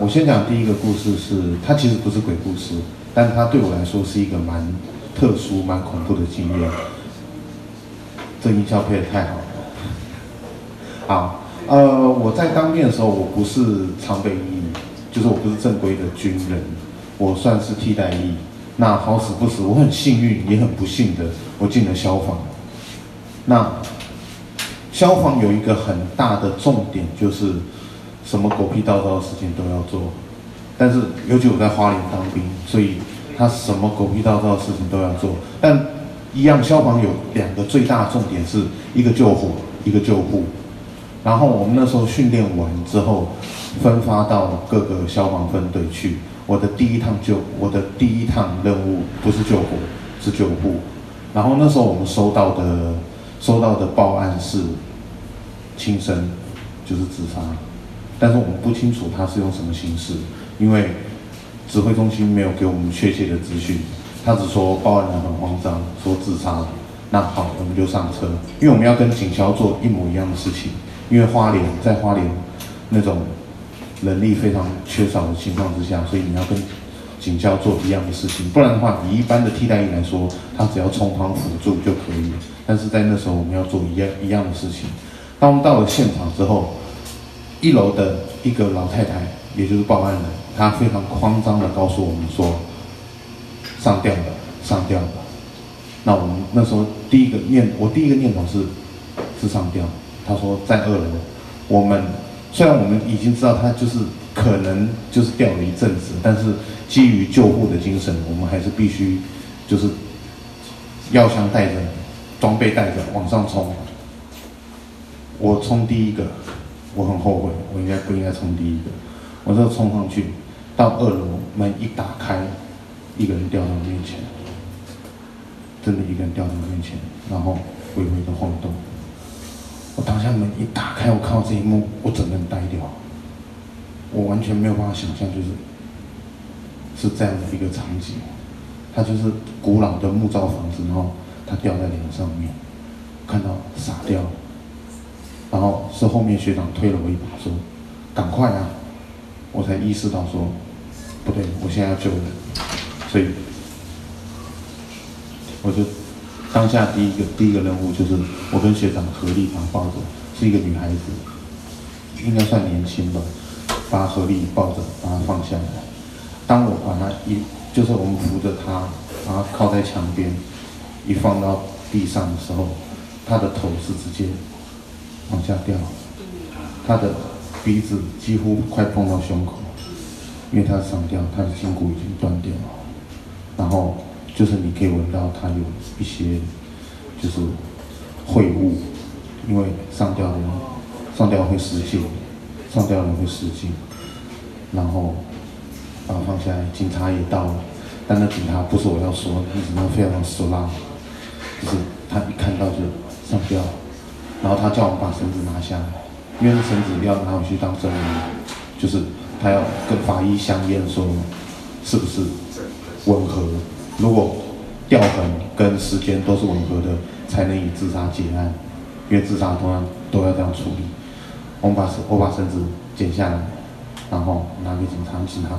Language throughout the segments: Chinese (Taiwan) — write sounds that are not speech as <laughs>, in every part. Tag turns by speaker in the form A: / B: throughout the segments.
A: 我先講第一個故事是，是它其實不是鬼故事，但是它對我來說是一個蠻特殊、蠻恐怖的經驗。這音效配得太好了。好呃，我在當兵的時候，我不是常備役，就是我不是正規的軍人，我算是替代役。那好死不死，我很幸運，也很不幸的，我進了消防。那消防有一個很大的重點就是。什麼狗屁倒灶的事情都要做，但是尤其我在花蓮當兵，所以他什麼狗屁倒灶的事情都要做。但一樣，消防有兩個最大重點是，是一個救火，一個救護。然後我們那時候訓練完之後，分發到各個消防分隊去。我的第一趟救，我的第一趟任務不是救火，是救護。然後那時候我們收到的，收到的報案是，輕生，就是自殺。但是我們不清楚他是用什麼形式，因為指揮中心沒有給我們確切的資訊，他只說報案人很慌張，說自殺了。那好，我們就上車，因為我們要跟警校做一模一樣的事情。因為花蓮在花蓮那種人力非常缺少的情況之下，所以你要跟警校做一樣的事情，不然的話，以一般的替代役來說，他只要從旁輔助就可以。但是在那時候，我們要做一樣一樣的事情。當我們到了現場之後。一樓的一個老太太，也就是報案人，她非常慌張地告訴我們說：“上吊了，上吊了。”那我們那時候第一個念，我第一個念頭是是上吊。她說在二樓，我們雖然我們已經知道她就是可能就是吊了一陣子，但是基於救護的精神，我們還是必須就是藥箱帶着，裝備帶着往上衝。我衝第一個。我很後悔，我應該不應該衝第一個？我就衝上去，到二樓，門一打開，一個人掉在我面前，真的一個人掉在我面前，然後微微的晃動。我當下門一打開，我看到這一幕，我整個人呆掉，我完全沒有辦法想象，就是是這樣的一個場景，它就是古老的木造房子，然後他掉在樑上面，看到傻掉然後是後面學長推了我一把，說：“趕快啊！”我才意識到說：“不對，我現在要救人。”所以，我就當下第一個第一個任務就是我跟學長合力把她抱着，是一個女孩子，應該算年輕吧，把她合力抱着，把她放下來。當我把她一就是我們扶着她，把她靠在牆邊，一放到地上的時候，她的頭是直接往下掉，他的鼻子幾乎快碰到胸口，因為他上吊，他的筋骨已經斷掉了。然後就是你可以聞到他有一些就是穢物，因為上吊的人上吊會失禁，上吊的人會失禁。然後把他、啊、放下來，警察也到了，但那警察不是我要說的，你只能非常讓手拉？就是他一看到就上吊。然後他叫我們把繩子拿下來，因為繩子要拿回去當證物，就是他要跟法醫相驗，說是不是吻合。如果掉痕跟時間都是吻合的，才能以自殺結案，因為自殺都要都要這樣處理。我們把繩我把繩子剪下來，然後拿給警察，請他，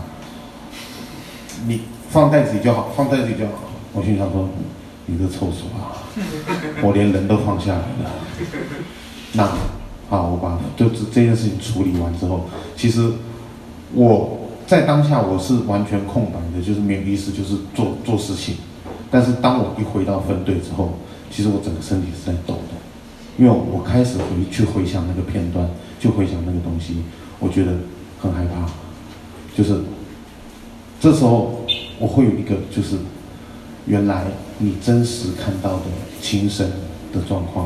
A: 你放袋子裡就好，放袋子裡就好。我心想說，你這臭手啊，我連人都放下來了。 <laughs> 那，好，我把就是這件事情處理完之後，其實我在當下我是完全空白的，就是沒有意思，就是做做事情。但是當我一回到分隊之後，其實我整個身體是在抖的，因為我開始回去回想那個片段，就回想那個東西，我覺得很害怕。就是這時候我會有一個，就是原來你真實看到的精神的狀況。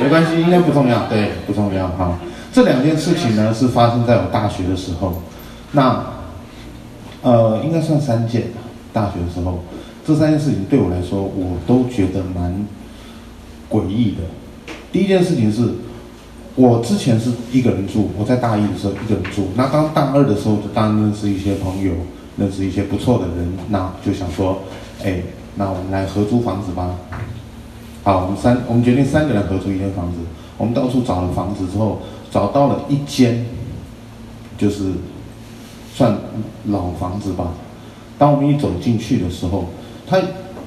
A: 沒關係，應該不重要。對，不重要哈。這兩件事情呢，是發生在我大學的時候。那，呃，應該算三件。大學的時候，這三件事情對我來說，我都覺得蠻詭異的。第一件事情是，我之前是一個人住，我在大一的時候一個人住。那當大二的時候，就當認識一些朋友，認識一些不錯的人，那就想說，哎、欸，那我們來合租房子吧。好，我們三，我們決定三個人合租一間房子。我們到處找了房子之後，找到了一間，就是算老房子吧。當我們一走進去的時候，它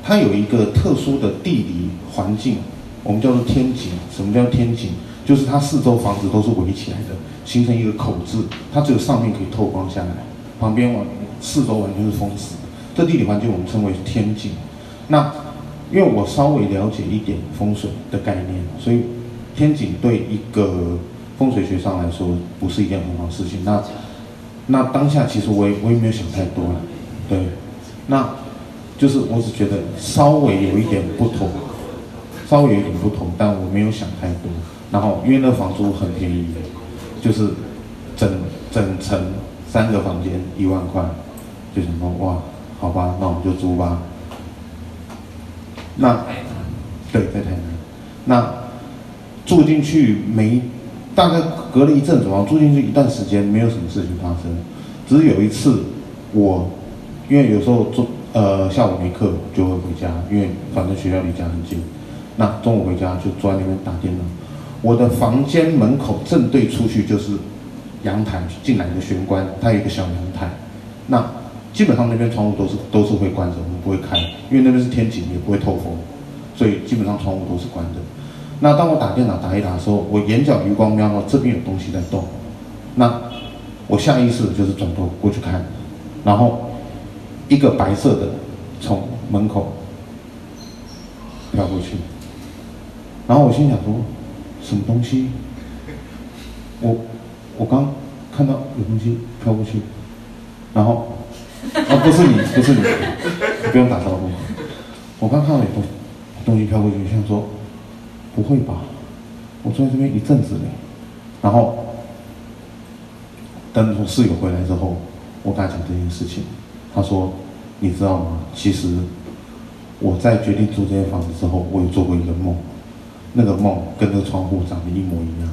A: 它有一個特殊的地理環境，我們叫做天井。什麼叫天井？就是它四周房子都是圍起來的，形成一個口字，它只有上面可以透光下來，旁邊往四周完全是封死的。這地理環境我們稱為天井。那。因為我稍微了解一點風水的概念，所以天井對一個風水學上來說不是一件很好的事情。那那當下其實我也我也沒有想太多了，對，那就是我只覺得稍微有一點不同，稍微有一點不同，但我沒有想太多。然後因為那房租很便宜，就是整整層三個房間一萬塊，就想說哇，好吧，那我們就租吧。那，對，在台南。那住進去沒，大概隔了一陣子吧，然後住進去一段時間，沒有什麼事情發生。只是有一次，我因為有時候中，呃，下午沒課就會回家，因為反正學校離家很近。那中午回家就坐在那邊打電腦。我的房間門口正對出去就是陽台，進來一個玄關，它有一個小陽台。那基本上那邊窗戶都是都是會關着，我們不會開，因為那邊是天井，也不會透風，所以基本上窗戶都是關着。那當我打電腦打，打一打的時候，我眼角餘光瞄到這邊有東西在動，那我下意識的就是轉頭過去看，然後一個白色的從門口飄過去，然後我心想說，什麼東西？我我剛看到有東西飄過去，然後。
B: <laughs> 啊，不是你，不是你，你
A: 不用打招呼。我剛看到一東，東西飄過去，我想說，不會吧？我坐在這邊一陣子了。然後，等我室友回來之後，我跟他講這件事情。他說：“你知道嗎？其實我在決定租這間房子之後，我有做過一個夢，那個夢跟這個窗戶長得一模一樣，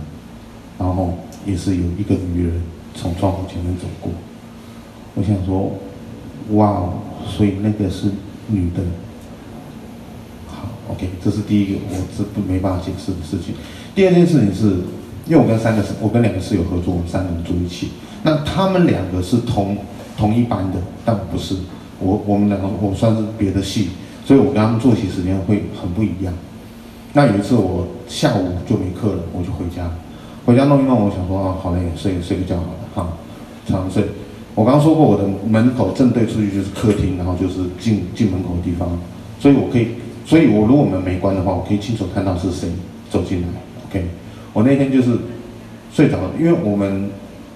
A: 然後也是有一個女人從窗戶前面走過。”我想說。哇哦，所以那個是女的好。好，OK，這是第一個，我這不沒辦法解釋的事情。第二件事情是，因為我跟三個室，我跟兩個室友合租，我們三個人住一起。那他們兩個是同同一班的，但我不是。我我們兩個我算是別的系，所以我跟他們作息時間會很不一樣。那有一次我下午就沒課了，我就回家，回家弄一弄，我想說啊，好累，睡睡個覺好了，好，常睡。我剛剛說過，我的門口正對出去就是客廳，然後就是進進門口的地方，所以我可以，所以我如果門沒關的話，我可以清楚看到是誰走進來。OK，我那天就是睡着了，因為我們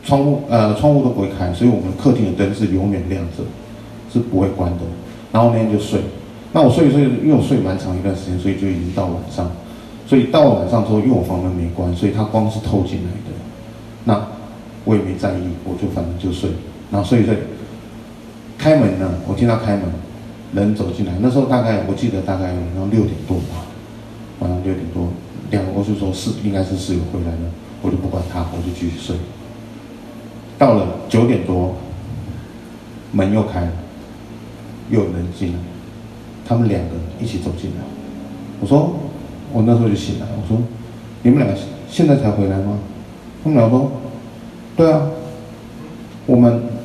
A: 窗戶呃窗戶都不會開，所以我們客廳的燈是永遠亮着，是不會關的。然後那天就睡，那我睡一睡，因為我睡蠻長一段時間，所以就已經到晚上。所以到了晚上之後，因為我房門沒關，所以它光是透進來的，那我也沒在意，我就反正就睡。然後睡一睡，開門呢，我聽到開門，人走進來。那時候大概我記得大概晚上六點多吧，晚上六點多，兩個人就說是應該是室友回來了，我就不管他，我就繼續睡。到了九點多，門又開了，又有人進來，他們兩個一起走進來，我說我那時候就醒了，我說你們倆現在才回來嗎？他們倆說，對啊，我們。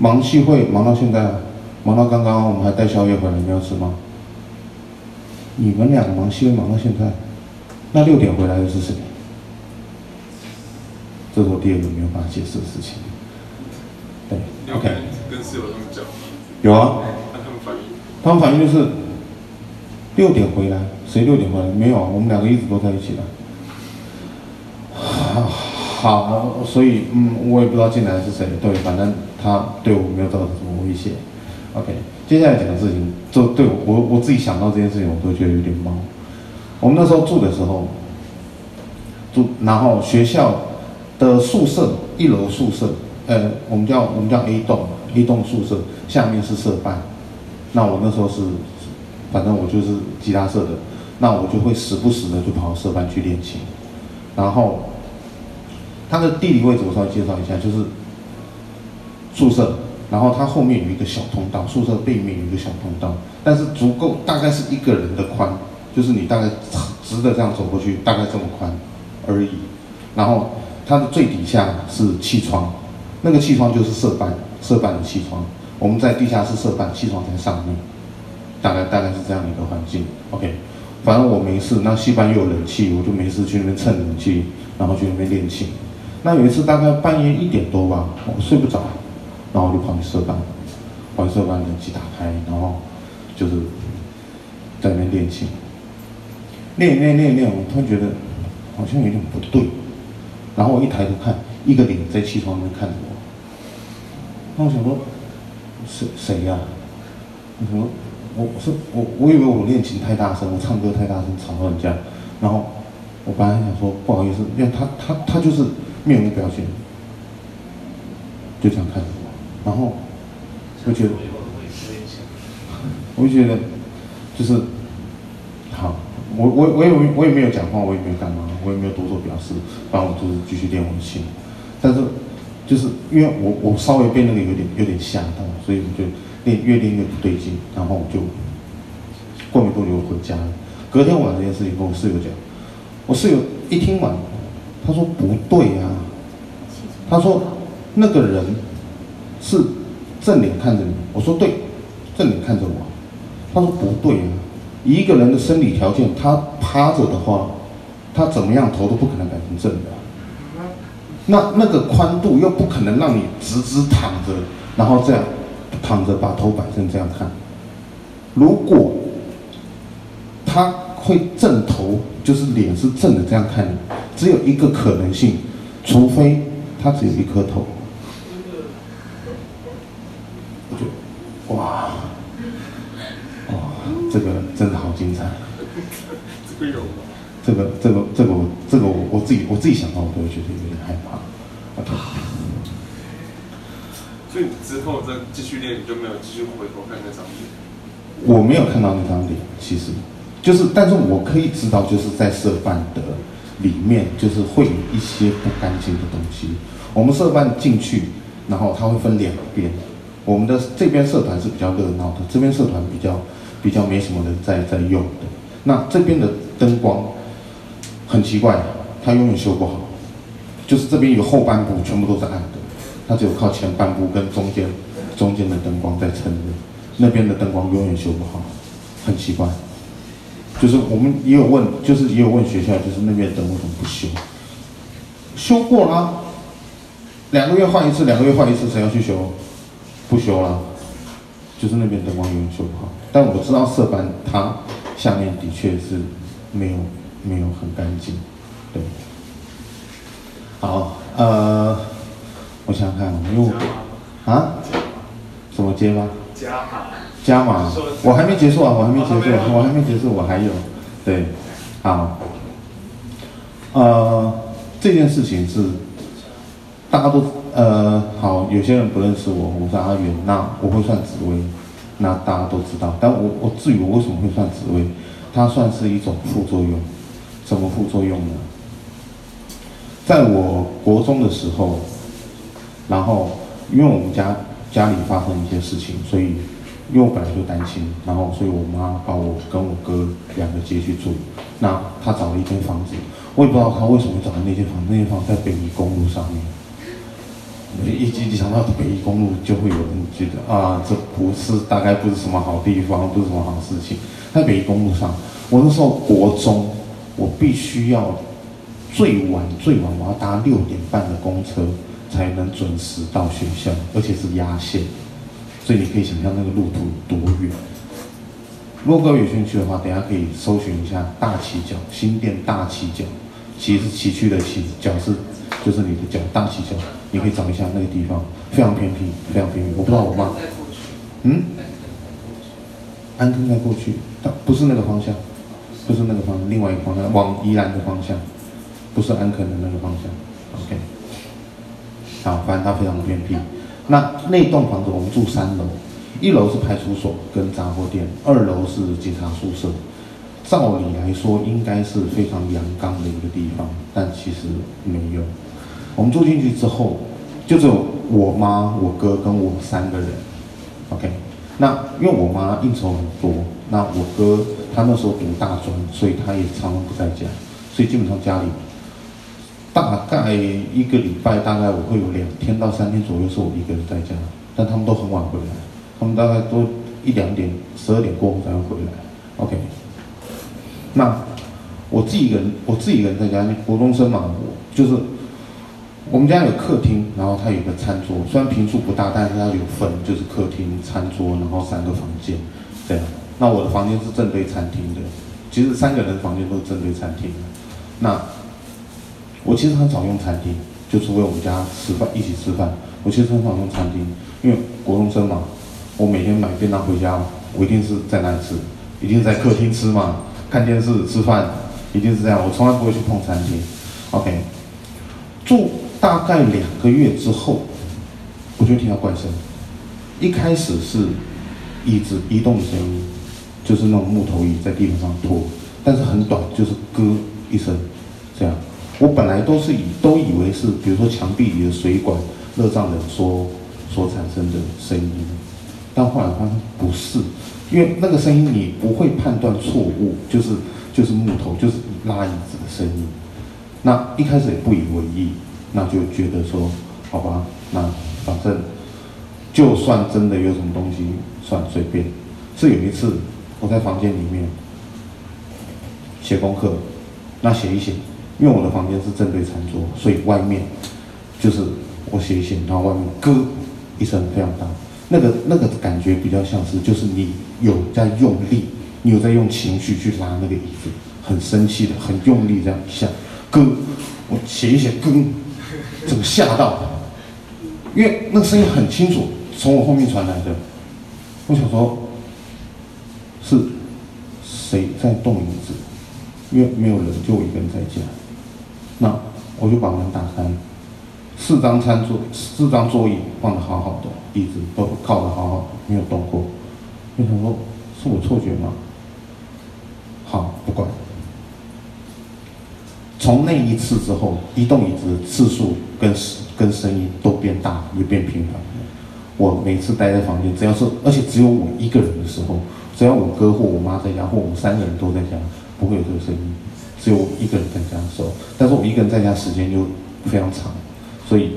A: 忙系會忙到現在，忙到剛剛我們還帶宵夜回來，你們要吃嗎？你們兩個忙系會忙到現在，那六點回來的是誰？這是我第二個沒有辦法解釋的事情。對，OK，跟室友他們講嗎？有啊，他們反映，就是六點回來，誰六點回來？沒有啊，我們兩個一直都在一起的。好，所以嗯，我也不知道進來的是誰，對，反正他對我沒有造成什麼威脅。OK，接下來講的事情，就對我，我自己想到這件事情，我都覺得有點懵。我們那時候住的時候，住然後學校的宿舍一樓宿舍，呃，我們叫我們叫 A 棟 A 棟宿舍，下面是社辦。那我那時候是，反正我就是吉他社的，那我就會時不時的就跑到社辦去練琴，然後。它的地理位置我稍微介紹一下，就是宿舍，然後它後面有一個小通道，宿舍背面有一個小通道，但是足夠大概是一個人的寬，就是你大概直的這樣走過去，大概這麼寬而已。然後它的最底下是氣窗，那個氣窗就是系辦系辦的氣窗，我們在地下室，系辦氣窗在上面，大概大概是這樣的一個環境。OK，反正我沒事，那系辦又有冷氣，我就沒事去那邊蹭冷氣，然後去那邊練琴。那有一次大概半夜一點多吧，我睡不着，然後我就跑去社辦，把社辦的冷氣打開，然後就是在那邊練琴，練練練練，我突然覺得好像有點不對，然後我一抬頭看，一個臉在氣窗邊看着我，那我想說，誰誰呀、啊？我說我我是我我以為我練琴太大聲，我唱歌太大聲吵到人家，然後我本來想說不好意思，因為他他他就是。面無表情，就這樣看着我，然後，我就，我就 <laughs> 覺得，就是，好，我我我也我也沒有講話，我也沒有幹嘛，我也沒有多做表示，然後就是繼續練我的心。但是，就是因為我我稍微被那個有點有點嚇到，所以我就練越練越不對勁，然後我就，過沒多久回家了。隔天晚上，這件事情跟我室友講，我室友一聽完。他說不對啊！他說那個人是正臉看着你。我說對，正臉看着我。他說不對啊，一個人的生理條件，他趴着的話，他怎麼樣頭都不可能擺成正的啊。那那個寬度又不可能讓你直直躺着，然後這樣躺着把頭擺成這樣看。如果他。會正頭，就是臉是正的，這樣看。只有一個可能性，除非他只有一顆頭。我覺得，哇，哇，這個真的好精彩。 <laughs> 這個有，這個、這個、這個我、這個，我我自己、我自己想到，我都會覺得有點害怕。啊、okay，所以你之後再繼續練，你就沒有繼續回頭看那張臉。我沒有看到那張臉，其實。就是，但是我可以知道，就是在社辦的裡面，就是會有一些不乾淨的東西。我們社辦進去，然後它會分兩邊，我們的這邊社團是比較熱鬧的，這邊社團比較比較沒什麼人在在用的。那這邊的燈光很奇怪，它永遠修不好，就是這邊有後半部全部都是暗的，它只有靠前半部跟中間中間的燈光在撐着，那邊的燈光永遠修不好，很奇怪。就是我們也有問，就是也有問學校，就是那邊燈為什麼不修？修過了啊，兩個月換一次，兩個月換一次，誰要去修？不修了，就是那邊燈光有點修不好。但我知道色班它下面的確是沒有，沒有很乾淨，對。好，呃，我想想看，因為啊，怎麼接嗎？加碼，我還沒結束啊！我還沒結束，我還沒結束，我還有，對，好，呃，這件事情是大家都呃好，有些人不認識我，我是阿遠，那我會算紫微，那大家都知道。但我我至於我為什麼會算紫微，它算是一種副作用，什麼副作用呢？在我國中的時候，然後因為我們家家裡發生一些事情，所以。因為我本來就擔心，然後所以我媽把我跟我哥兩個接去住。那她找了一間房子，我也不知道她為什麼找的那間房，那間房在北宜公路上面。你一一想到北宜公路，就會有人覺得啊，這不是大概不是什麼好地方，不是什麼好事情。在北宜公路上，我那時候國中，我必須要最晚最晚我要搭六點半的公車才能準時到學校，而且是壓線。所以你可以想象那個路途多遠。如果各位有興趣的話，等下可以搜尋一下大崎腳，新店大崎腳，崎是崎嶇的崎，腳是就是你的腳大崎腳，你可以找一下那個地方，非常偏僻，非常偏僻。我不知道，我忘了。嗯？安坑在過去，它不是那個方向，不是那個方向，另外一個方向往宜蘭的方向，不是安坑的那個方向。OK，好，反正它非常偏僻。那那棟房子我們住三樓，一樓是派出所跟雜貨店，二樓是警察宿舍。照理來說應該是非常陽剛的一個地方，但其實沒有。我們住進去之後，就只有我媽、我哥跟我三個人。OK，那因為我媽應酬很多，那我哥他那時候讀大專，所以他也常常不在家，所以基本上家裡。大概一個禮拜，大概我會有兩天到三天左右是我一個人在家，但他們都很晚回來，他們大概都一兩點、十二點過後才會回來。OK，那我自己一個人，我自己一個人在家，國中生嘛，我就是我們家有客廳，然後它有個餐桌，雖然坪數不大，但是它有分，就是客廳、餐桌，然後三個房間這樣。那我的房間是正對餐廳的，其實三個人的房間都是正對餐廳的。那我其實很少用餐廳，就是為我們家吃飯一起吃飯。我其實很少用餐廳，因為國中生嘛，我每天買便當回家嘛，我一定是在那裡吃，一定在客廳吃嘛，看電視吃飯，一定是這樣。我從來不會去碰餐廳。OK，住大概兩個月之後，我就聽到怪聲。一開始是椅子移動的聲音，就是那種木頭椅在地板上拖，但是很短，就是咯一聲，這樣。我本來都是以都以為是，比如說牆壁裡的水管、熱脹冷縮所產生的聲音，但後來發現不是，因為那個聲音你不會判斷錯誤，就是就是木頭，就是拉椅子的聲音。那一開始也不以為意，那就覺得說，好吧，那反正就算真的有什麼東西，算隨便。是有一次我在房間裡面寫功課，那寫一寫。因為我的房間是正對餐桌，所以外面就是我寫一寫，然後外面咯一聲非常大，那個那個感覺比較像是就是你有在用力，你有在用情緒去拉那個椅子，很生氣的，很用力這樣一下咯，我寫一寫咯，怎麼嚇到他，因為那個聲音很清楚從我後面傳來的，我想說是誰在動椅子，因為沒有人就我一個人在家。那我就把門打開，四張餐桌，四張座椅放的好好的，椅子都靠得好好的，沒有動過。因為他說是我錯覺嗎？好，不管。從那一次之後，移動椅子的次數跟跟聲音都變大，也變頻繁。我每次待在房間，只要是而且只有我一個人的時候，只要我哥或我媽在家，或我們三個人都在家，不會有這個聲音。只有我一個人在家的時候，但是我們一個人在家時間就非常長，所以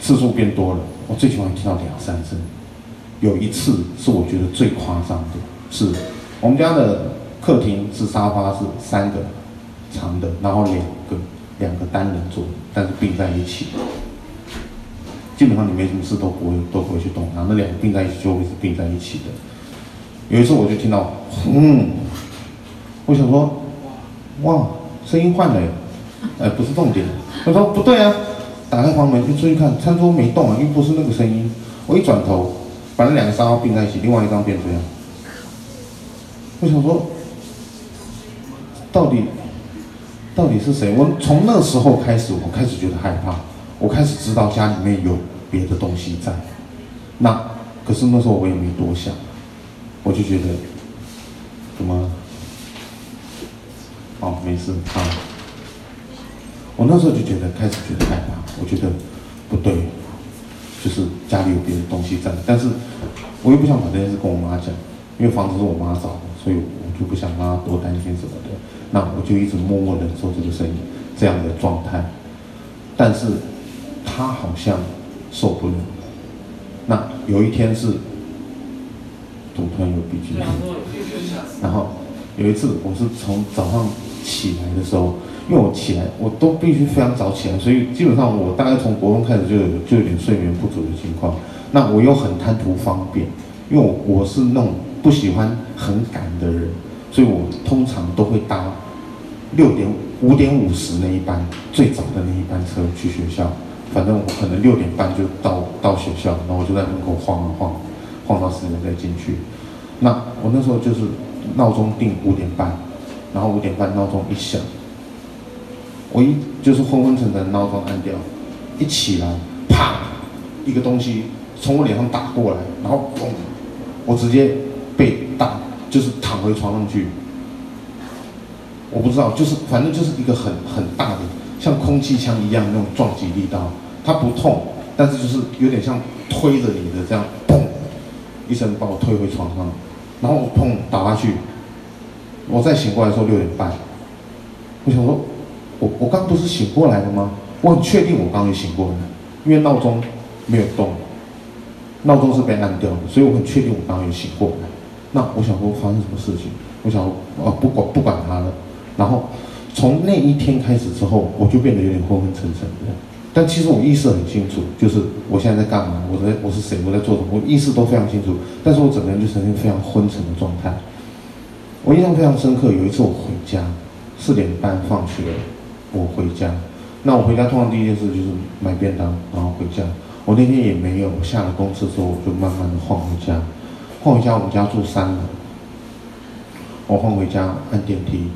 A: 次數變多了。我最喜歡聽到兩三聲。有一次是我覺得最誇張的，是我們家的客廳是沙發是三個長的，然後兩個兩個單人座，但是併在一起。基本上你沒什麼事都不會都不會去動，然後那兩個併在一起就會是併在一起的。有一次我就聽到，嗯，我想說。哇，聲音換了，哎、呃，不是重點。他說不對啊，打開房門就注意看，餐桌沒動啊，又不是那個聲音。我一轉頭，把那兩個沙發並在一起，另外一張變成這樣。我想說，到底到底是誰？我從那時候開始，我開始覺得害怕，我開始知道家裡面有別的東西在。那可是那時候我也沒多想，我就覺得怎麼？哦，沒事啊。我那時候就覺得開始覺得害怕，我覺得不對，就是家裡有別的東西在，但是我又不想把這件事跟我媽講，因為房子是我媽找的，所以我就不想讓她多擔心什麼的。那我就一直默默忍受這個聲音，這樣的狀態。但是她好像受不了。那有一天是突然有 BP，然後有一次我是從早上。起來的時候，因為我起來，我都必須非常早起來，所以基本上我大概從國中開始就有就有點睡眠不足的情況。那我又很貪圖方便，因為我我是那種不喜歡很趕的人，所以我通常都會搭六點五點五十那一班最早的那一班車去學校。反正我可能六點半就到到學校，然後我就在門口晃了晃，晃到十點再進去。那我那時候就是鬧鐘定五點半。然後五點半鬧鐘一響，我一就是昏昏沉沉，鬧鐘按掉，一起來，啪，一個東西從我臉上打過來，然後砰，我直接被打，就是躺回床上去。我不知道，就是反正就是一個很很大的像空氣槍一樣那種撞擊力道，它不痛，但是就是有點像推着你的這樣，砰一聲把我推回床上，然後我砰打下去。我再醒過來的時候六點半，我想說，我我剛不是醒過來的嗎？我很確定我剛也醒過來，因為鬧鐘沒有動，鬧鐘是被按掉的，所以我很確定我剛也醒過來。那我想說，發生什麼事情？我想說啊不管不管它了。然後從那一天開始之後，我就變得有點昏昏沉沉的。但其實我意識很清楚，就是我現在在幹嘛？我在我是誰？我在做什麼？我意識都非常清楚，但是我整個人就呈現非常昏沉的狀態。我印象非常深刻，有一次我回家，四點半放學，我回家。那我回家通常第一件事就是買便當，然後回家。我那天也沒有，我下了公司之後，我就慢慢的晃回家。晃回家，我們家住三樓。我晃回家按電梯，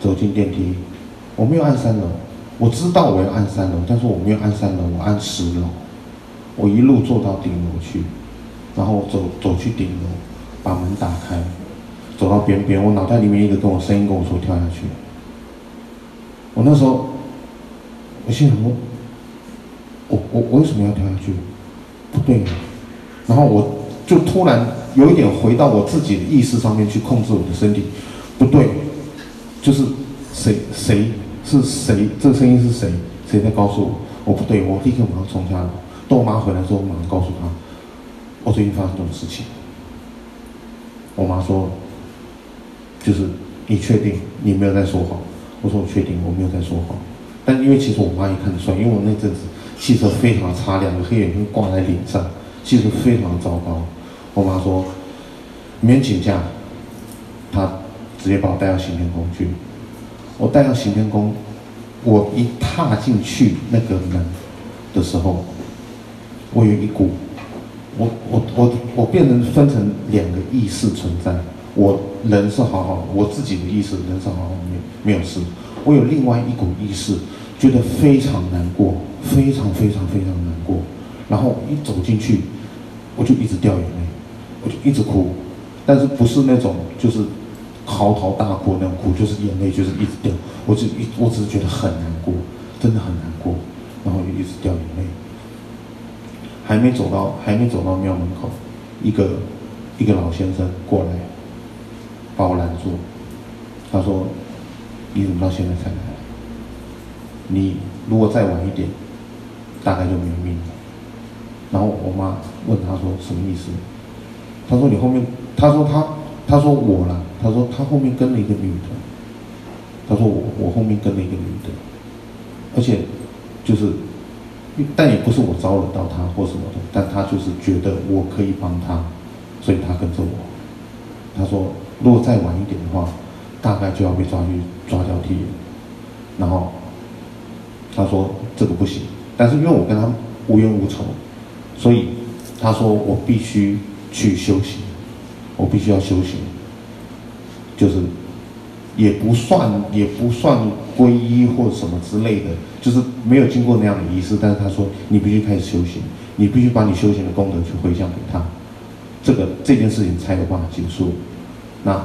A: 走進電梯，我沒有按三樓，我知道我要按三樓，但是我沒有按三樓，我按十樓。我一路坐到頂樓去，然後我走走去頂樓，把門打開。走到邊邊，我腦袋裡面一直跟我聲音跟我說跳下去。我那時候，我心裡我，我我我為什麼要跳下去？不對。然後我就突然有一點回到我自己的意識上面去控制我的身體，不對。就是誰誰是誰？這個聲音是誰？誰在告訴我？我不對，我立刻馬上衝下來。等我媽回來之後，我馬上告訴她，我最近發生這種事情。我媽說。就是你確定你沒有在說謊？我說我確定我沒有在說謊，但因為其實我媽也看得出來，因為我那陣子氣色非常差，兩個黑眼圈掛在臉上，氣色非常糟糕。我媽說，免請假，她直接把我帶到行天宮去。我帶到行天宮，我一踏進去那個門的時候，我有一股，我我我我變成分成兩個意識存在。我人是好好的，我自己的意識人是好好的，沒有沒有事。我有另外一股意識，覺得非常難過，非常非常非常難過。然後一走進去，我就一直掉眼淚，我就一直哭。但是不是那種就是嚎啕大哭那樣哭，就是眼淚就是一直掉。我就一我只是覺得很難過，真的很難過，然後就一直掉眼淚。還沒走到還沒走到廟門口，一個一個老先生過來。把我攔住，他說：“你怎麼到現在才來？你如果再晚一點，大概就沒有命了。”然後我媽問他說：“什麼意思？”他說：“你後面，他說他，他說我了。他說他後面跟了一個女的。他說我，我後面跟了一個女的。而且，就是，但也不是我招惹到他或什麼的，但他就是覺得我可以幫他，所以他跟着我。”他說。如果再晚一點的話，大概就要被抓去抓交替。然後他說這個不行，但是因為我跟他無冤無仇，所以他說我必須去修行，我必須要修行。就是也不算，也不算皈依或者什麼之類的，就是沒有經過那樣的儀式。但是他說你必須開始修行，你必須把你修行的功德去回向給他，這個這件事情才有辦法結束。那，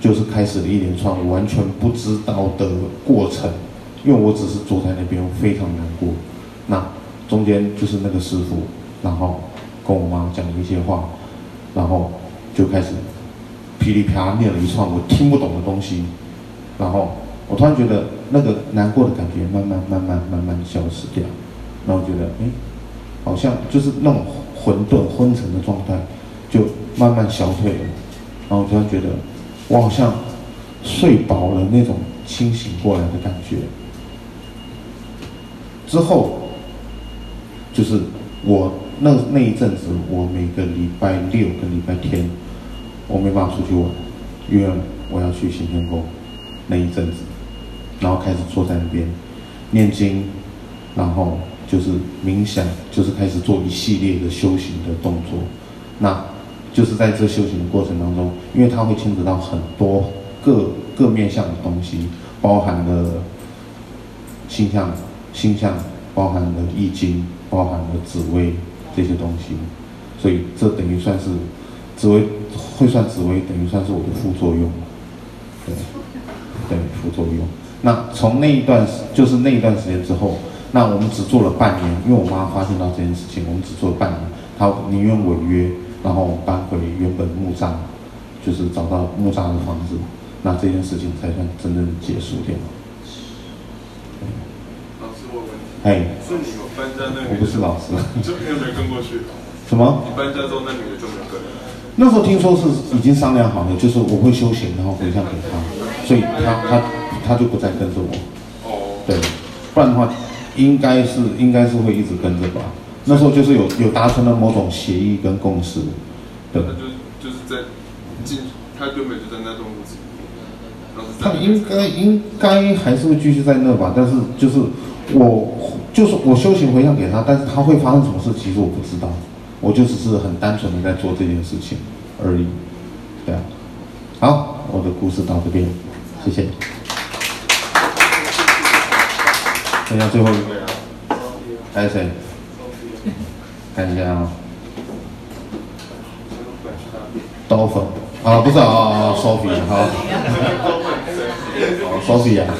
A: 就是開始了一連串完全不知道的過程，因為我只是坐在那邊，我非常難過。那中間就是那個師傅，然後跟我媽講了一些話，然後就開始噼裡啪啦念了一串我聽不懂的東西，然後我突然覺得那個難過的感覺慢慢慢慢慢慢消失掉，然後覺得誒、欸，好像就是那種混沌昏沉的狀態就慢慢消退了。然後突然覺得，我好像睡飽了那種清醒過來的感覺。之後就是我那那一陣子，我每個禮拜六跟禮拜天，我沒辦法出去玩，因為我要去行天宮那一陣子，然後開始坐在那邊念經，然後就是冥想，就是開始做一系列的修行的動作。那就是在這修行的過程當中，因為它會牽扯到很多各各面向的東西，包含了星象星象，包含了易經，包含了紫微這些東西，所以這等於算是紫微會算紫微，等於算是我的副作用，對對，副作用。那從那一段，就是那一段時間之後，那我們只做了半年，因為我媽發現到這件事情，我們只做了半年，她寧願違約。然後搬回原本墓葬，就是找到墓葬的房子，那這件事情才算真正結束掉。對老師，我問你，是、hey, 你嗎？搬家那，我不是老師。你有沒跟過去？ <laughs> 什麼？你搬家之後那女的就沒有跟。那時候聽說是已經商量好了，就是我會修行，然後回向給他，所以他他他，他就不再跟着我。哦。對，不然的話，應該是應該是會一直跟着吧。那時候就是有有達成了某種協議跟共識，對。他就是在進，他在那他應該應該還是會繼續在那吧，但是就是我就是我修行回向給他，但是他會發生什麼事，其實我不知道。我就只是很單純的在做這件事情而已，對啊。好，我的故事到這邊，謝謝。剩下最後一位啊，還有誰？看一下啊，刀鋒啊，不是、哦哦哦哦、啊，燒餅哈，燒餅啊，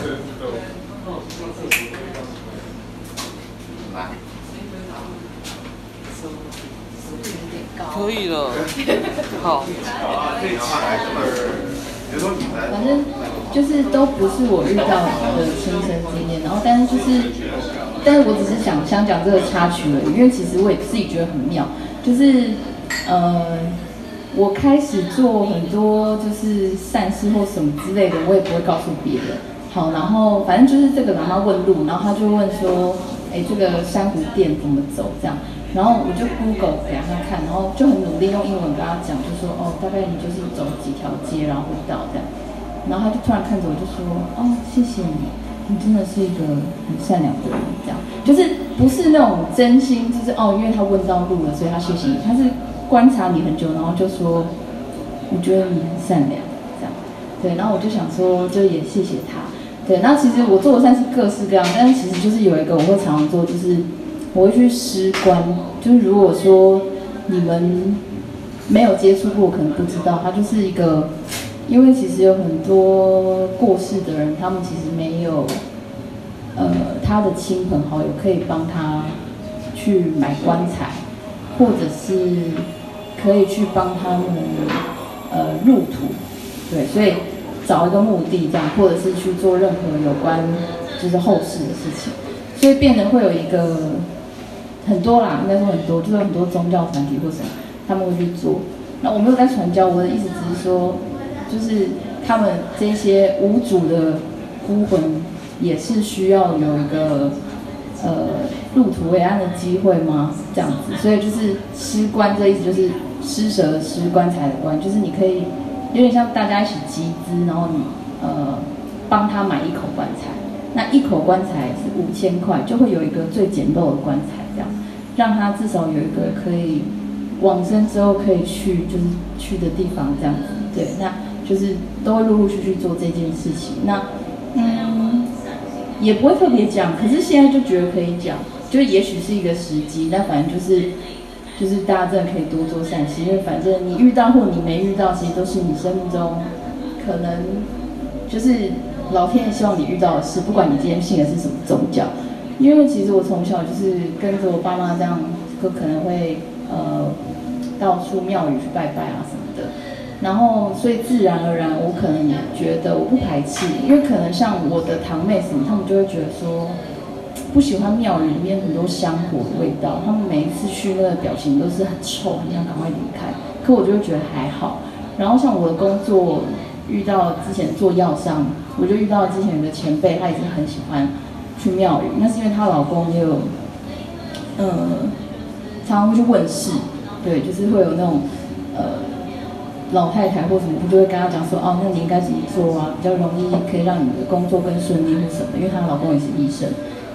B: 可以了，好。 <laughs> 就是都不是我遇到的親身經驗，然後但是就是，但是我只是想想講這個插曲而已，因為其實我也自己覺得很妙，就是，呃，我開始做很多就是善事或什麼之類的，我也不會告訴別人。好，然後反正就是這個媽媽問路，然後她就問說，哎，這個山谷店怎麼走？這樣，然後我就 Google 給他看，然後就很努力用英文跟他講，就說哦，大概你就是走幾條街然後會到這樣。然後他就突然看着我，就說：“哦，謝謝你，你真的是一個很善良的人。”這樣，就是不是那種真心，就是哦，因為他問到路了，所以他謝謝你。Okay. 他是觀察你很久，然後就說：“我覺得你很善良。”這樣，對。然後我就想說，就也謝謝他。對。那其實我做的算是各式各樣，但是其實就是有一個我會常常做，就是我會去施棺。就是如果說你們沒有接觸過，我可能不知道，他就是一個。因為其實有很多過世的人，他們其實沒有，呃，他的親朋好友可以幫他去買棺材，或者是可以去幫他們呃入土，對，所以找一個墓地這樣，或者是去做任何有關就是後事的事情，所以變得會有一個很多啦，應該說很多，就是很多宗教團體或者什麼他們會去做。那我沒有在傳教，我的意思只是說。就是他們這些無主的孤魂，也是需要有一個呃入土為安的機會嗎？這樣子，所以就是施棺這意思就是施舍施棺材的棺，就是你可以有點像大家一起集資，然後你呃幫他買一口棺材，那一口棺材是五千塊，就會有一個最簡陋的棺材這樣，讓他至少有一個可以往生之後可以去就是去的地方這樣子，對，那。就是都會陸陸續續做這件事情，那嗯也不會特別講，可是現在就覺得可以講，就也許是一個時機。那反正就是就是大家真的可以多做善事，因為反正你遇到或你沒遇到，其實都是你生命中可能就是老天也希望你遇到的事。不管你今天信的是什麼宗教，因為其實我從小就是跟着我爸媽這樣，可可能會呃到處廟宇去拜拜啊什麼。然後，所以自然而然，我可能也覺得我不排斥，因為可能像我的堂妹什麼，他們就會覺得說不喜歡廟宇裡面很多香火的味道，他們每一次去那個表情都是很臭，很想趕快離開。可我就會覺得還好。然後像我的工作遇到之前做藥商，我就遇到之前有個前輩，她已經很喜歡去廟宇，那是因為她老公也有嗯，常常會去問事，對，就是會有那種。老太太或什麼，我就會跟他講說，哦、啊，那你應該怎麼做啊？比較容易可以讓你的工作更順利，或什麼？因為他的老公也是醫生，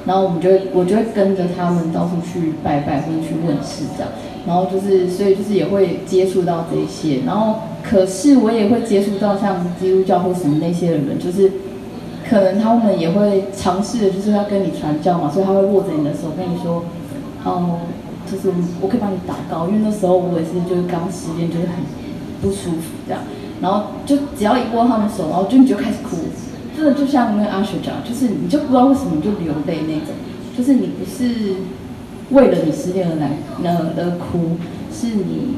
B: 然後我們就會，我就會跟着他們到處去拜拜，或者去問事這樣。然後就是，所以就是也會接觸到這些。然後，可是我也會接觸到像基督教或什麼那些的人，就是可能他們也會嘗試，就是要跟你傳教嘛，所以他會握着你的手跟你說，哦、嗯，就是我可以幫你禱告，因為那時候我也是，就是剛失戀，就是很。不舒服這樣，然後就只要一握他們手，然後就你就開始哭，真的就像那個阿雪講，就是你就不知道為什麼你就流淚那種，就是你不是為了你失戀而來，那、呃、而哭，是你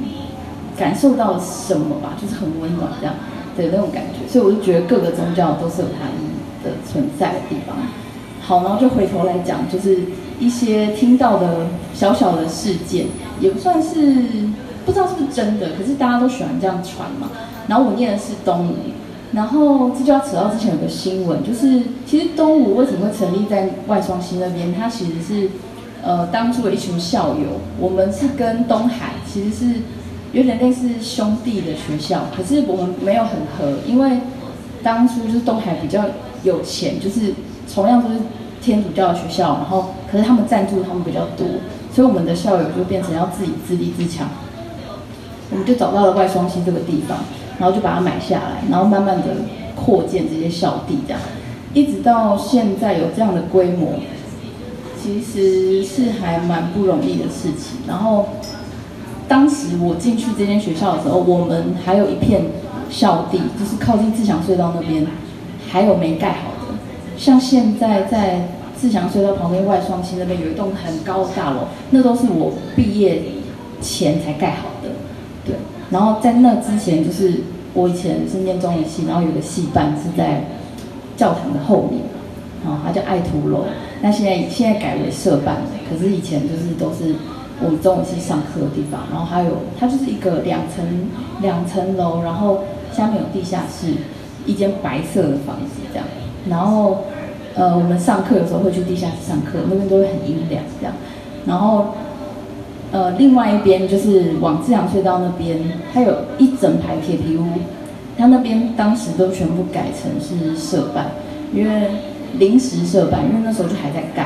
B: 感受到什麼吧，就是很溫暖這樣，對，那種感覺，所以我就覺得各個宗教都是有它的存在的地方。好，然後就回頭來講，就是一些聽到的小小的事件，也不算是。不知道是不是真的，可是大家都喜歡這樣傳嘛。然後我念的是東吳，然後這就要扯到之前有個新聞，就是其實東吳為什麼會成立在外雙溪那邊？它其實是呃當初的一群校友，我們是跟東海其實是有點類似兄弟的學校，可是我們沒有很合，因為當初就是東海比較有錢，就是同樣都是天主教的學校，然後可是他們贊助他們比較多，所以我們的校友就變成要自己自立自強。我們就找到了外雙溪這個地方，然後就把它買下來，然後慢慢的擴建這些校地，這樣一直到現在有這樣的規模，其實是還蠻不容易的事情。然後當時我進去這間學校的時候，我們還有一片校地，就是靠近自強隧道那邊，還有沒蓋好的。像現在在自強隧道旁邊外雙溪那邊有一棟很高的大樓，那都是我畢業前才蓋好的。對，然後在那之前，就是我以前是念中文系，然後有個系辦，是在教堂的後面，啊，它叫愛徒樓。那現在現在改為社辦了，可是以前就是都是我們中文系上課的地方。然後還有它就是一個兩層兩層樓，然後下面有地下室，一間白色的房子這樣。然後呃，我們上課有時候會去地下室上課，那邊都會很陰涼這樣。然後。呃，另外一邊就是往自強隧道那邊，它有一整排鐵皮屋，它那邊當時都全部改成是社辦，因為臨時社辦，因為那時候就還在蓋。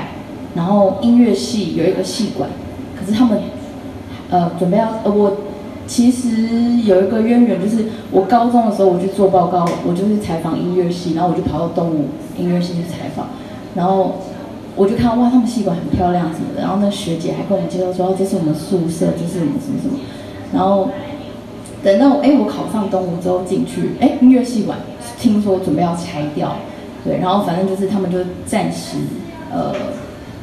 B: 然後音樂系有一個系館，可是他們呃準備要呃我其實有一個淵源，就是我高中的時候我去做報告，我就是採訪音樂系，然後我就跑到東吳音樂系去採訪，然後。我就看到哇，他們系館很漂亮什麼的，然後那學姐還跟我們介紹說，這是我們宿舍，這是我們什麼什麼，然後等到哎、欸、我考上東吳之後進去，哎、欸、音樂系館聽說準備要拆掉，對，然後反正就是他們就暫時呃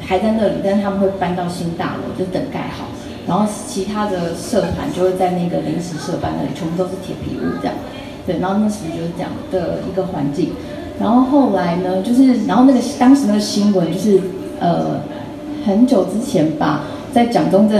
B: 還在那裡，但是他們會搬到新大樓，就等蓋好，然後其他的社團就會在那個臨時社辦那裡，全部都是鐵皮屋這樣，對，然後那時就是這樣的一個環境。然後後來呢，就是然後那個當時那個新聞就是，呃，很久之前吧，在蔣中正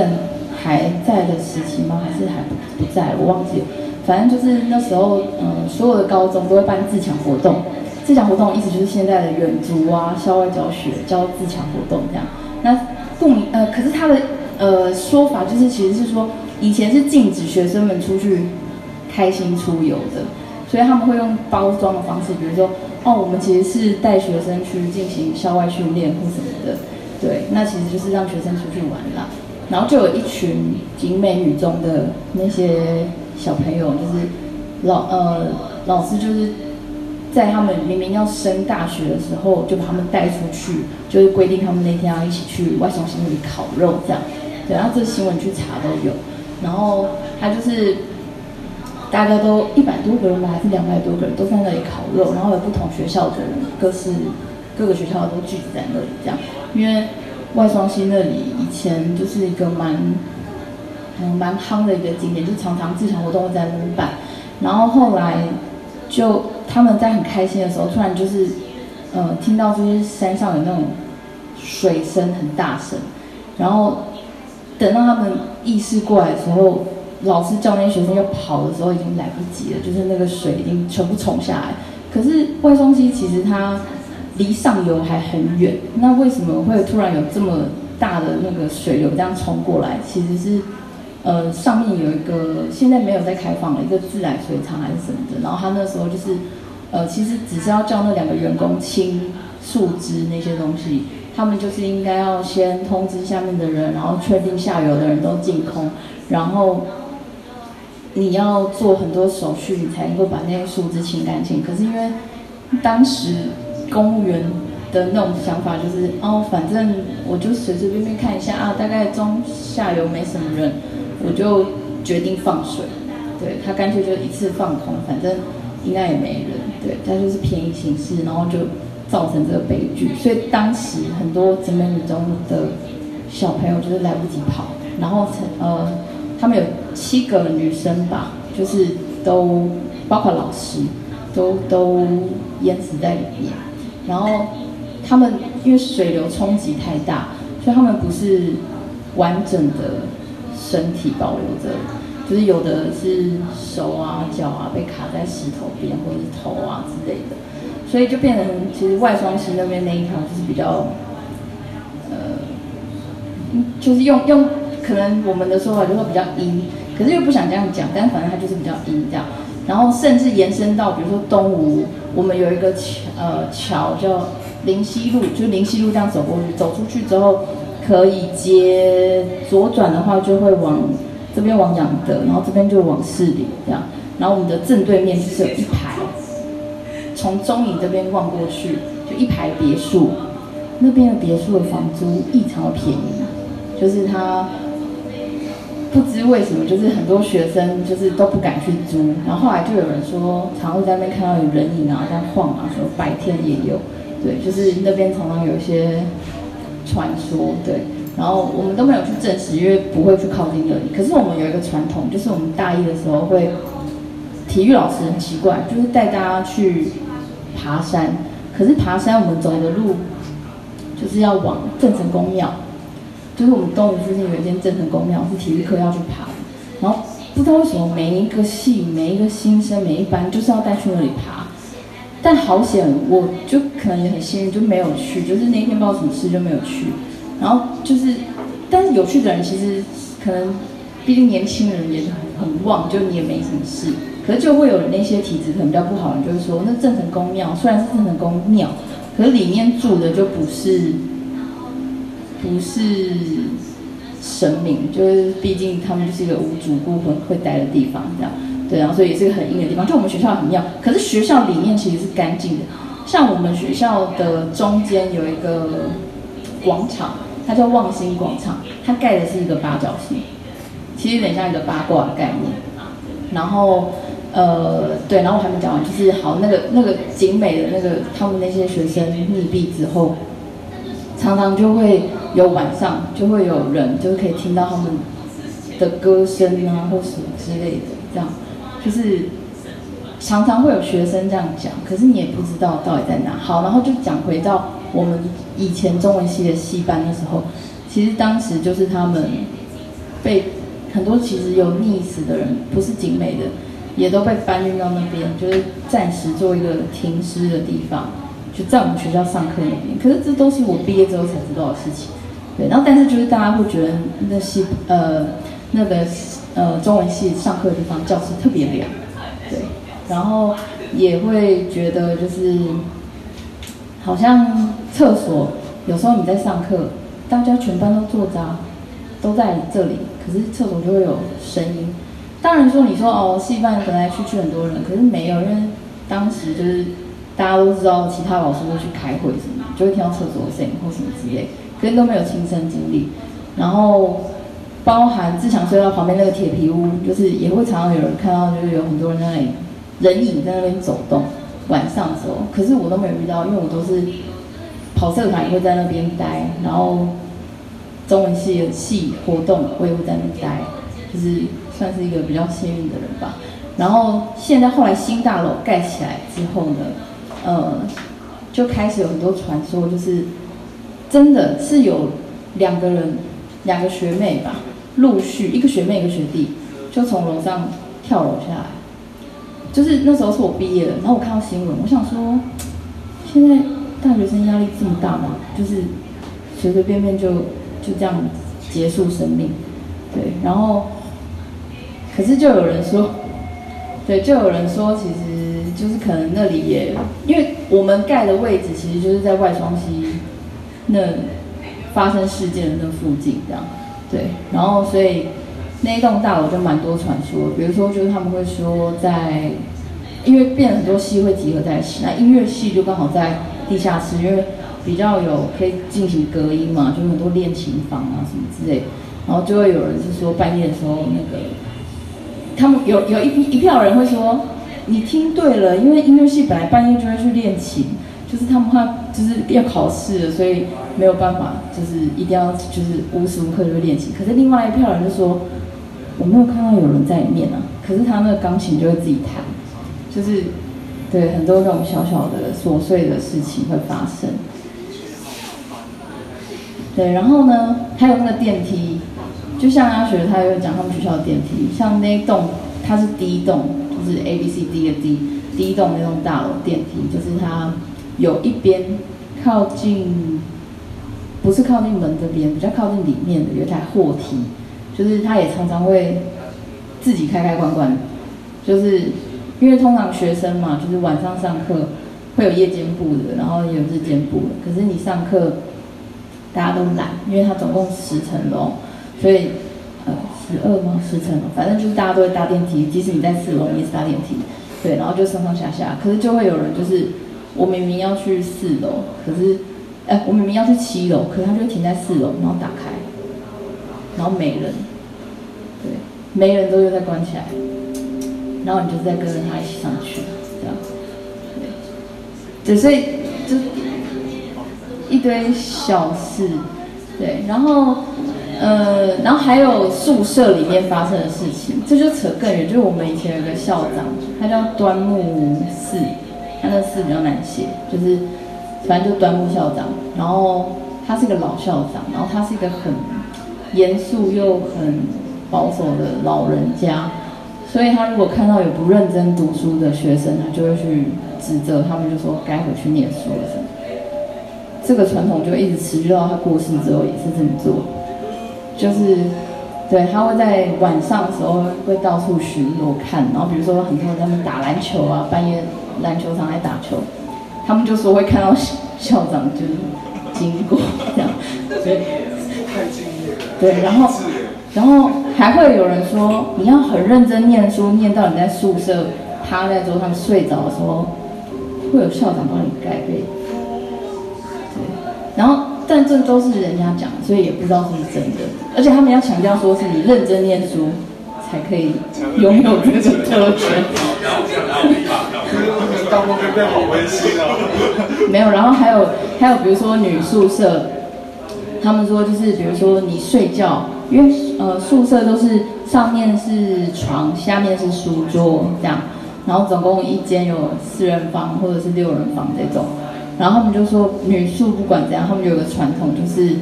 B: 還在的時期嗎？還是還不，不在我忘記了。反正就是那時候，嗯、呃，所有的高中都會辦自強活動，自強活動意思就是現在的遠足啊、校外教學叫自強活動這樣。那共呃，可是他的呃說法就是其實是說，以前是禁止學生們出去開心出遊的，所以他們會用包裝的方式，比如說。哦，我們其實是帶學生去進行校外訓練或什麼的，對，那其實就是讓學生出去玩啦。然後就有一群景美女中的那些小朋友，就是老呃老師就是在他們明明要升大學的時候，就把他們帶出去，就是規定他們那天要一起去外雙溪那裡烤肉這樣。對，然後這新聞去查都有，然後他就是。大家都一百多個人吧，還是兩百多個人，都在那裡烤肉，然後有不同學校的人，各式各個學校都聚集在那裡。這樣，因為外雙溪那裡以前就是一個蠻嗯蠻夯的一個景點，就常常自強活動會在那裡辦。然後後來就他們在很開心的時候，突然就是呃聽到就是山上有那種水聲很大聲，然後等到他們意識過來的時候。老師叫那些學生要跑的時候，已經來不及了，就是那個水已經全部衝下來。可是外雙溪其實它離上游還很遠，那為什麼會突然有這麼大的那個水流這樣衝過來？其實是，呃，上面有一個現在沒有在開放的一個自來水廠還是什麼的，然後他那時候就是，呃，其實只是要叫那兩個員工清樹枝那些東西，他們就是應該要先通知下面的人，然後確定下游的人都淨空，然後。你要做很多手續，你才能夠把那些樹枝清乾淨。可是因為當時公務員的那種想法就是，哦，反正我就隨隨便便看一下啊，大概中下游沒什麼人，我就決定放水。對，他乾脆就一次放空，反正應該也沒人。對，他就是便宜行事，然後就造成這個悲劇。所以當時很多景美女中的小朋友就是來不及跑，然後城呃。他們有七個女生吧，就是都包括老師，都都淹死在裡面。然後他們因為水流衝擊太大，所以他們不是完整的身體保留着，就是有的是手啊、腳啊被卡在石頭邊，或者是頭啊之類的。所以就變成，其實外雙溪那邊那一條就是比較，呃，就是用用。可能我們的說法就會比較陰，可是又不想這樣講，但反正它就是比較陰這樣。然後甚至延伸到比如說東吳，我們有一個橋呃橋叫臨溪路，就臨溪路這樣走過去，走出去之後可以接左轉的話就會往這邊往仰德，然後這邊就往士林這樣。然後我們的正對面就是有一排從中影這邊望過去就一排別墅，那邊的別墅的房租異常的便宜，就是它。不知為什麼，就是很多學生就是都不敢去租。然後後來就有人說，常會在那邊看到有人影啊，在晃啊，什麼白天也有。對，就是那邊常常有一些傳說。對，然後我們都沒有去證實，因為不會去靠近這裡。可是我們有一個傳統，就是我們大一的時候會，體育老師很奇怪，就是帶大家去爬山。可是爬山我們走的路，就是要往鄭成功廟。就是我們東吳附近有一間鄭成功廟，是體育課要去爬的。然後不知道為什麼，每一個系、每一個新生、每一班就是要帶去那裡爬。但好險，我就可能也很幸運，就沒有去。就是那天不知道什麼事就沒有去。然後就是，但是有去的人其實可能，畢竟年輕人也是很很旺，就你也沒什麼事。可是就會有那些體質可能比較不好的，就是說那鄭成功廟雖然是鄭成功廟，可是裡面住的就不是。不是神明，就是畢竟他們就是一個無主孤魂會待的地方，這樣對，啊，然後所以也是一個很陰的地方。就我們學校很硬，可是學校裡面其實是乾淨的。像我們學校的中間有一個廣場，它叫望星廣場，它蓋的是一個八角形，其實有點像一個八卦的概念。然後呃，對，然後我還沒講完，就是好，那個那個景美的那個他們那些學生溺斃之後，常常就會。有晚上就會有人，就是可以聽到他們的歌聲啊，或什麼之類的，這樣就是常常會有學生這樣講，可是你也不知道到底在哪。好，然後就講回到我們以前中文系的戲班的時候，其實當時就是他們被很多其實有溺死的人，不是景美的，也都被搬運到那邊，就是暫時做一個停屍的地方，就在我們學校上課那邊。可是這都是我畢業之後才知道的事情。對，然後但是就是大家會覺得那系呃、那個呃、中文系上課的地方教室特別涼，對，然後也會覺得就是，好像廁所有時候你在上課，大家全班都坐着，都在這裡，可是廁所就會有聲音。當然說你說哦，系辦本來去去很多人，可是沒有，因為當時就是大家都知道其他老師都去開會什麼，就會聽到廁所的聲音或什麼之類的。別人都沒有親身經歷，然後包含自強隧道旁邊那個鐵皮屋，就是也會常常有人看到，就是有很多人在那裡人影在那邊走動，晚上的時候，可是我都沒有遇到，因為我都是跑社團也會在那邊待，然後中文系的系活動我也會在那邊待，就是算是一個比較幸運的人吧。然後現在後來新大樓蓋起來之後呢，呃，就開始有很多傳說，就是。真的是有兩個人，兩個學妹吧，陸續一個學妹一個學弟就從樓上跳樓下來，就是那時候是我畢業了，然後我看到新聞，我想說，現在大學生壓力這麼大嗎？就是隨隨便便就就這樣結束生命，對，然後，可是就有人說，對，就有人說，其實就是可能那裡也因為我們蓋的位置其實就是在外雙溪。那發生事件的那附近，這樣對，然後所以那一棟大樓就蠻多傳說，比如說就是他們會說在，因為變很多系會集合在一起，那音樂系就剛好在地下室，因為比較有可以進行隔音嘛，就很多練琴房啊什麼之類，然後就會有人是說半夜的時候那個，他們有有一一票人會說你聽對了，因為音樂系本來半夜就會去練琴，就是他們會。就是要考試，所以沒有辦法，就是一定要，就是無時無刻就會練習。可是另外一票人就說，我沒有看到有人在裡面啊，可是他那個鋼琴就會自己彈，就是對很多那種小小的瑣碎的事情會發生。對，然後呢，還有那個電梯，就像阿雪她有講他們學校的電梯，像那棟它是 D 棟，就是 A B C D, D 棟的 D，D 棟那棟大樓電梯，就是它。有一邊靠近，不是靠近門這邊，比較靠近裡面的有一台貨梯，就是它也常常會自己開開關關，就是因為通常學生嘛，就是晚上上課會有夜間部的，然後也有日間部的，可是你上課大家都懶，因為它總共十層樓，所以呃十二嗎？十層樓，反正就是大家都會搭電梯，即使你在四樓你也是搭電梯，對，然後就上上下下，可是就會有人就是。我明明要去四樓，可是，哎、欸，我明明要去七樓，可是他就停在四樓，然後打開，然後沒人，對，沒人，都又再關起來，然後你就再跟着他一起上去，這樣，對，對，所以就一堆小事，對，然後，呃，然後還有宿舍裡面發生的事情，這就扯更遠，就是我們以前有個校長，他叫端木四。那是比較難寫，就是反正就端木校長，然後他是一個老校長，然後他是一個很嚴肅又很保守的老人家，所以他如果看到有不認真讀書的學生，他就會去指責他們，就說該回去念書了。這個傳統就一直持續到他過世之後也是這麼做，就是對，他會在晚上的時候會到處巡邏看，然後比如說很多人在那打籃球啊，半夜。籃球場來打球，他們就說會看到校長就是經過這樣，太敬業了。對，然後然後還會有人說，你要很認真念書，念到你在宿舍趴在桌上睡着的時候，會有校長幫你蓋被。對，然後但這都是人家講，所以也不知道是不是真的。而且他們要強調說是你認真念書才可以擁有這種特權。 <laughs>
A: 但我那邊
B: 好溫馨啊！沒有，然後還有還有，比如說女宿舍，他們說就是比如說你睡覺，因為呃宿舍都是上面是床，下面是書桌這樣，然後總共一間有四人房或者是六人房這種，然後他們就說女宿不管怎樣，他們有個傳統就是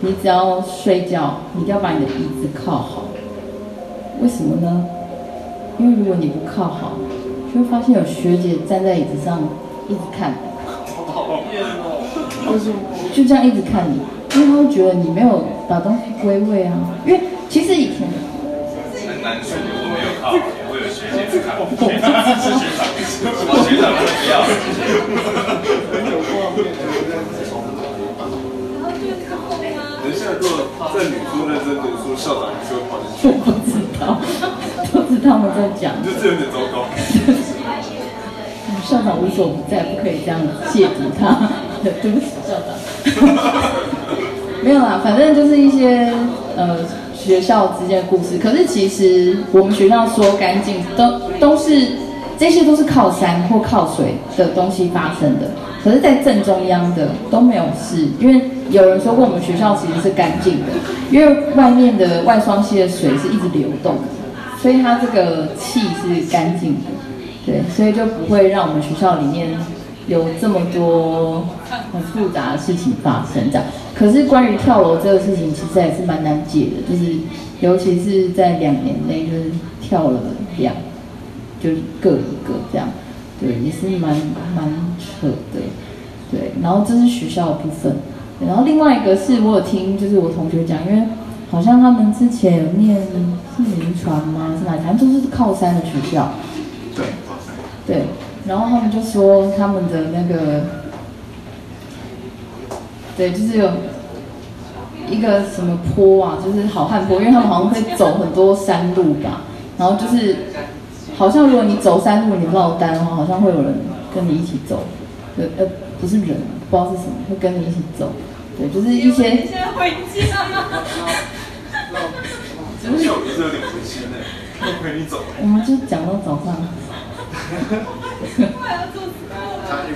B: 你只要睡覺，你一定要把你的椅子靠好，為什麼呢？因為如果你不靠好。就發現有學姐站在椅子上，一直看，好討厭哦！就這樣一直看你，因為他會覺得你沒有把東西歸位啊。因為其實以前，那男生如果沒有靠，我有學姐看。哈我哈哈哈哈！校長不要！哈哈哈有哈哈！然後就看後面啊。等現在做在女生認真讀書，校長還是會跑進去。我不知道，都是他們在講。就是有點糟糕。校長無所不在，不可以這樣褻瀆他。對不起，校長。沒有啦，反正就是一些呃學校之間的故事。可是其實我們學校說乾淨，都都是這些都是靠山或靠水的東西發生的。可是，在正中央的都沒有事，因為有人說過我們學校其實是乾淨的，因為外面的外雙溪的水是一直流動，所以它這個氣是乾淨的。對，所以就不會讓我們學校裡面有這麼多很複雜的事情發生這樣。可是關於跳樓這個事情，其實也是蠻難解的，就是尤其是在兩年內就是跳了兩，就是各一個這樣，對，也是蠻蠻扯的對，對。然後這是學校的部分，然後另外一個是我有聽就是我同學講，因為好像他們之前有念是臨床嗎？是哪？反正都是靠山的學校。對，然後他們就說他們的那個，對，就是有一個什麼坡啊，就是好漢坡，因為他們好像會走很多山路吧。然後就是好像如果你走山路，你落單的話，好像會有人跟你一起走，呃呃，不是人，不知道是什麼，會跟你一起走。對，就是一些。一些回家。笑然後然後然後，就是有點
A: 違心嘞，要陪你走。
B: 我們就講到早上。
A: <laughs>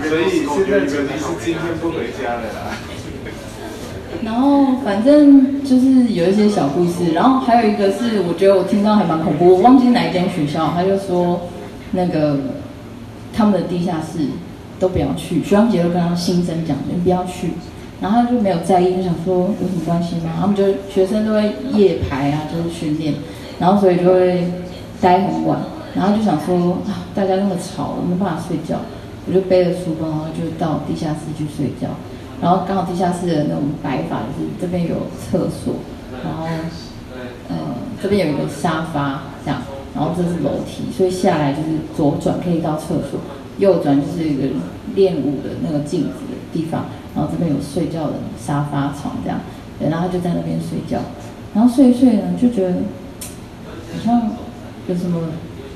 A: 所以現在你
B: 是今天不回家的啦？然後反正就是有一些小故事，然後還有一個是我覺得我聽到還蠻恐怖，我忘記哪一間學校，他就說那個他們的地下室都不要去，學長姐都跟他新生講，你不要去。然後他就沒有在意，就想說有什麼關係嗎？他們就學生都會夜排，啊就是訓練，然後所以就會待很晚。然後就想說啊，大家那麼吵，我沒辦法睡覺，我就背着書包，然後就到地下室去睡覺。然後剛好地下室的那種擺法，就是這邊有廁所，然後呃這邊有一個沙發這樣，然後這是樓梯，所以下來就是左轉可以到廁所，右轉就是一個練舞的那個鏡子的地方，然後這邊有睡覺的沙發床這樣，然後就在那邊睡覺。然後睡一睡呢，就覺得好像有什麼。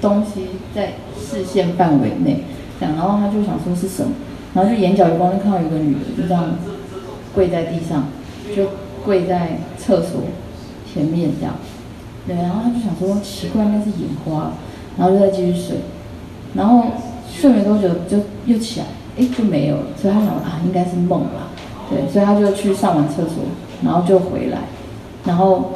B: 東西在視線範圍內，這樣，然後他就想說是什麼，然後就眼角有光，就看到一個女人就這樣跪在地上，就跪在廁所前面這樣，對，然後他就想說奇怪，那是眼花，然後就再繼續睡，然後睡沒多久就又起來，哎、欸、就沒有了，所以他想說啊應該是夢吧，對，所以他就去上完廁所，然後就回來，然後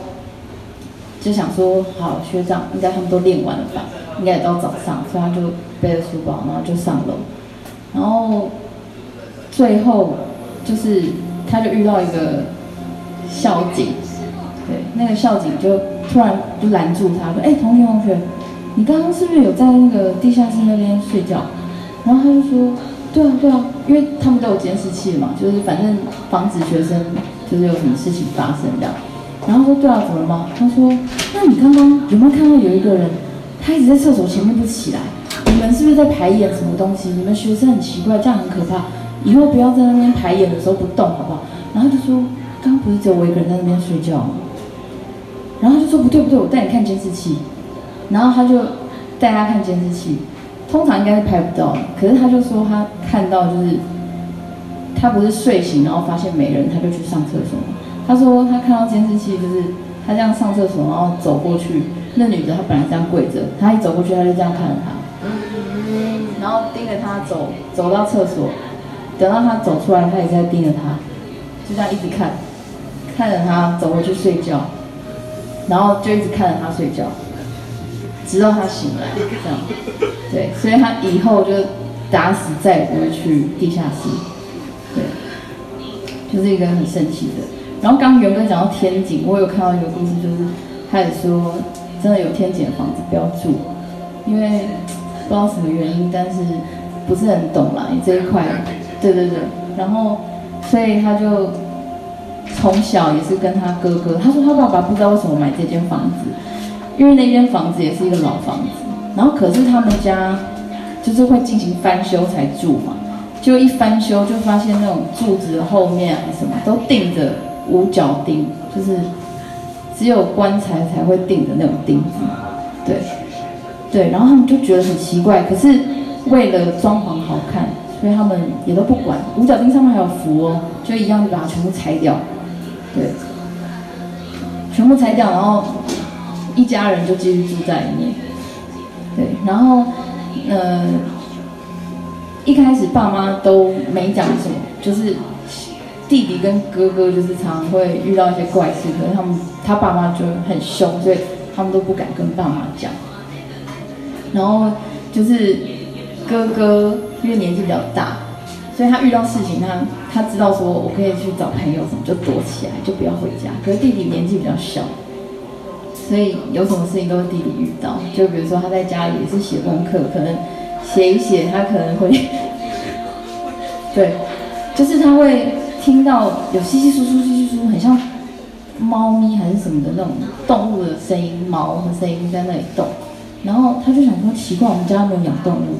B: 就想說好學長，應該他們都練完了吧。應該也到早上，所以他就背着書包，然後就上樓，然後最後就是他就遇到一個校警，對，那個校警就突然就攔住他說：“哎，同學同學，你剛剛是不是有在那個地下室那邊睡覺？”然後他就說：“對啊對啊，因為他們都有監視器了嘛，就是反正防止學生就是有什麼事情發生這樣。”然後他說：“對啊，怎麼了嗎？”他說：“那你剛剛有沒有看到有一個人？”他一直在廁所前面不起來，你們是不是在排演什麼東西？你們學生很奇怪，這樣很可怕，以後不要在那邊排演的時候不動，好不好？然後就說，剛剛不是只有我一個人在那邊睡覺嗎？然後他就說不對不對，我帶你看監視器。然後他就帶他看監視器，通常應該是拍不到，可是他就說他看到就是他不是睡醒，然後發現沒人，他就去上廁所。他說他看到監視器就是他這樣上廁所，然後走過去。那女的，她本來是這樣跪着，她一走過去，她就這樣看着他，然後盯着他走，走到廁所，等到他走出來，她也在盯着他，就這樣一直看，看着他走過去睡覺，然後就一直看着他睡覺，直到他醒來，這樣，對，所以他以後就打死再也不會去地下室，對，就是一個很神奇的。然後剛剛元哥講到天井，我有看到一個故事，就是他也說。真的有天井的房子不要住，因為不知道什麼原因，但是不是很懂啦。你這一塊，對對對，然後所以他就從小也是跟他哥哥。他說他爸爸不知道為什麼買這間房子，因為那間房子也是一個老房子，然後可是他們家就是會進行翻修才住嘛，就一翻修就發現那種柱子的後面啊什麼，都釘着五角釘，就是。只有棺材才會釘的那種釘子，對，對，然後他們就覺得很奇怪，可是為了裝潢好看，所以他們也都不管。五角星上面還有符，哦，就一樣就把它全部拆掉，對，全部拆掉，然後一家人就繼續住在裡面，對，然後呃，一開始爸媽都沒講什麼，就是。弟弟跟哥哥就是常常會遇到一些怪事，可是他們他爸媽就很兇，所以他們都不敢跟爸媽講。然後就是哥哥因為年紀比較大，所以他遇到事情他他知道說我可以去找朋友什麼，就躲起來就不要回家。可是弟弟年紀比較小，所以有什麼事情都是弟弟遇到。就比如說他在家裡也是寫功課，可能寫一寫他可能會，對，就是他會。聽到有稀稀疏疏，稀稀疏疏，很像貓咪還是什麼的那種動物的聲音，貓的聲音在那裡動，然後他就想說奇怪，我們家沒有養動物，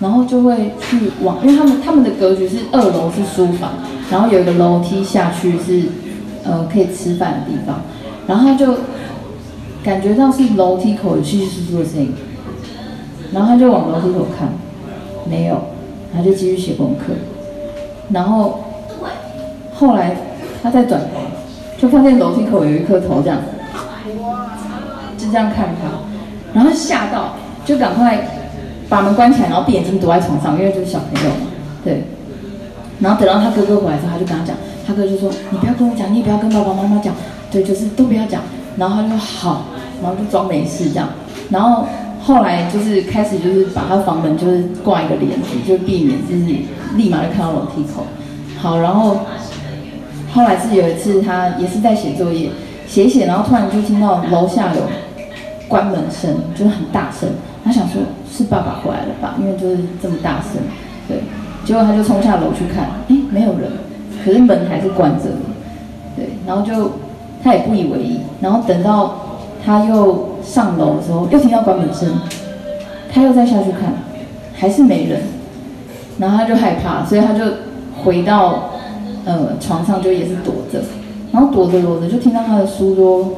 B: 然後就會去往，因為他們他們的格局是二樓是書房，然後有一個樓梯下去是呃可以吃飯的地方，然後就感覺到是樓梯口有稀稀疏疏的聲音，然後他就往樓梯口看，沒有，他就繼續寫功課，然後。後來，他在轉頭，就發現樓梯口有一顆頭這樣，就這樣看他，然後嚇到就趕快把門關起來，然後閉眼睛躲在床上，因為就是小朋友嘛，對。然後等到他哥哥回來之後，他就跟他講，他哥就說：“你不要跟我講，你也不要跟爸爸媽媽講，對，就是都不要講。”然後他就好。然後就裝沒事這樣。然後後來就是開始就是把他房門就是掛一個簾子，就避免自己、就是、立馬就看到樓梯口。好，然後。後來是有一次，他也是在寫作業，寫寫，然後突然就聽到樓下有關門聲，就是很大聲。他想說，是爸爸回來了吧，因為就是這麼大聲。對，結果他就衝下樓去看，哎，沒有人，可是門還是關着的。對，然後就他也不以為意，然後等到他又上樓的時候，又聽到關門聲，他又再下去看，還是沒人。然後他就害怕，所以他就回到。呃，床上就也是躲着，然後躲着躲着，就聽到他的書桌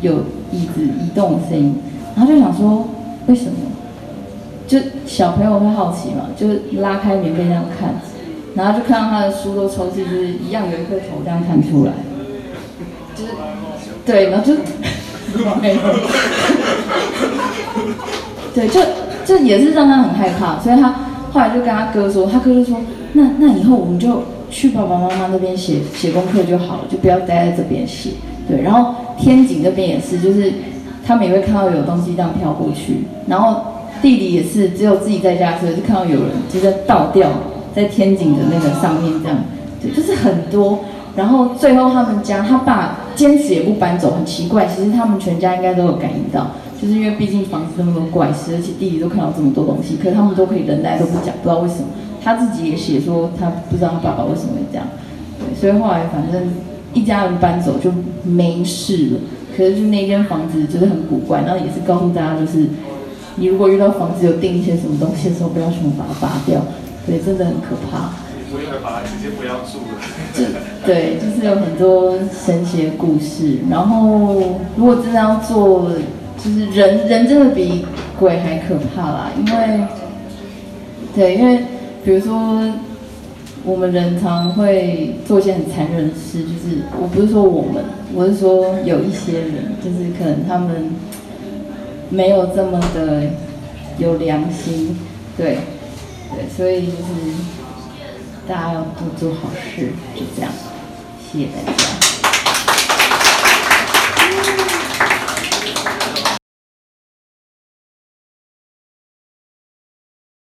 B: 有椅子移動的聲音，然後就想說為什麼？就小朋友會好奇嘛，就拉開棉被這樣看，然後就看到他的書桌抽屜就是一樣有一個頭這樣看出來，就是對，然後就沒有， <laughs> 對，就就也是讓他很害怕，所以他後來就跟他哥說，他哥就說那那以後我們就。去爸爸媽媽那邊寫寫功課就好了，就不要待在這邊寫。對，然後天井這邊也是，就是他們也會看到有東西這樣飄過去。然後弟弟也是，只有自己在家的時候就看到有人就在倒吊在天井的那個上面這樣。對，就是很多。然後最後他們家他爸堅持也不搬走，很奇怪。其實他們全家應該都有感應到，就是因為畢竟房子那麼多怪事，而且弟弟都看到這麼多東西，可是他們都可以忍耐，都不講，不知道為什麼。他自己也寫說他不知道他爸爸為什麼會這樣，對，所以後來反正一家人搬走就沒事了。可是就那間房子就是很古怪，然後也是告訴大家就是，你如果遇到房子有定一些什麼東西的時候，不要全部把它拔掉，對，真的很可怕。你這，對，就是有很多神奇的故事。然後如果真的要做，就是人人真的比鬼還可怕啦，因為，對，因為。比如說，我們人常會做一些很殘忍的事，就是我不是說我們，我是說有一些人，就是可能他們沒有這麼的有良心，對，對，所以就是大家要多做好事，就這樣，謝謝大家。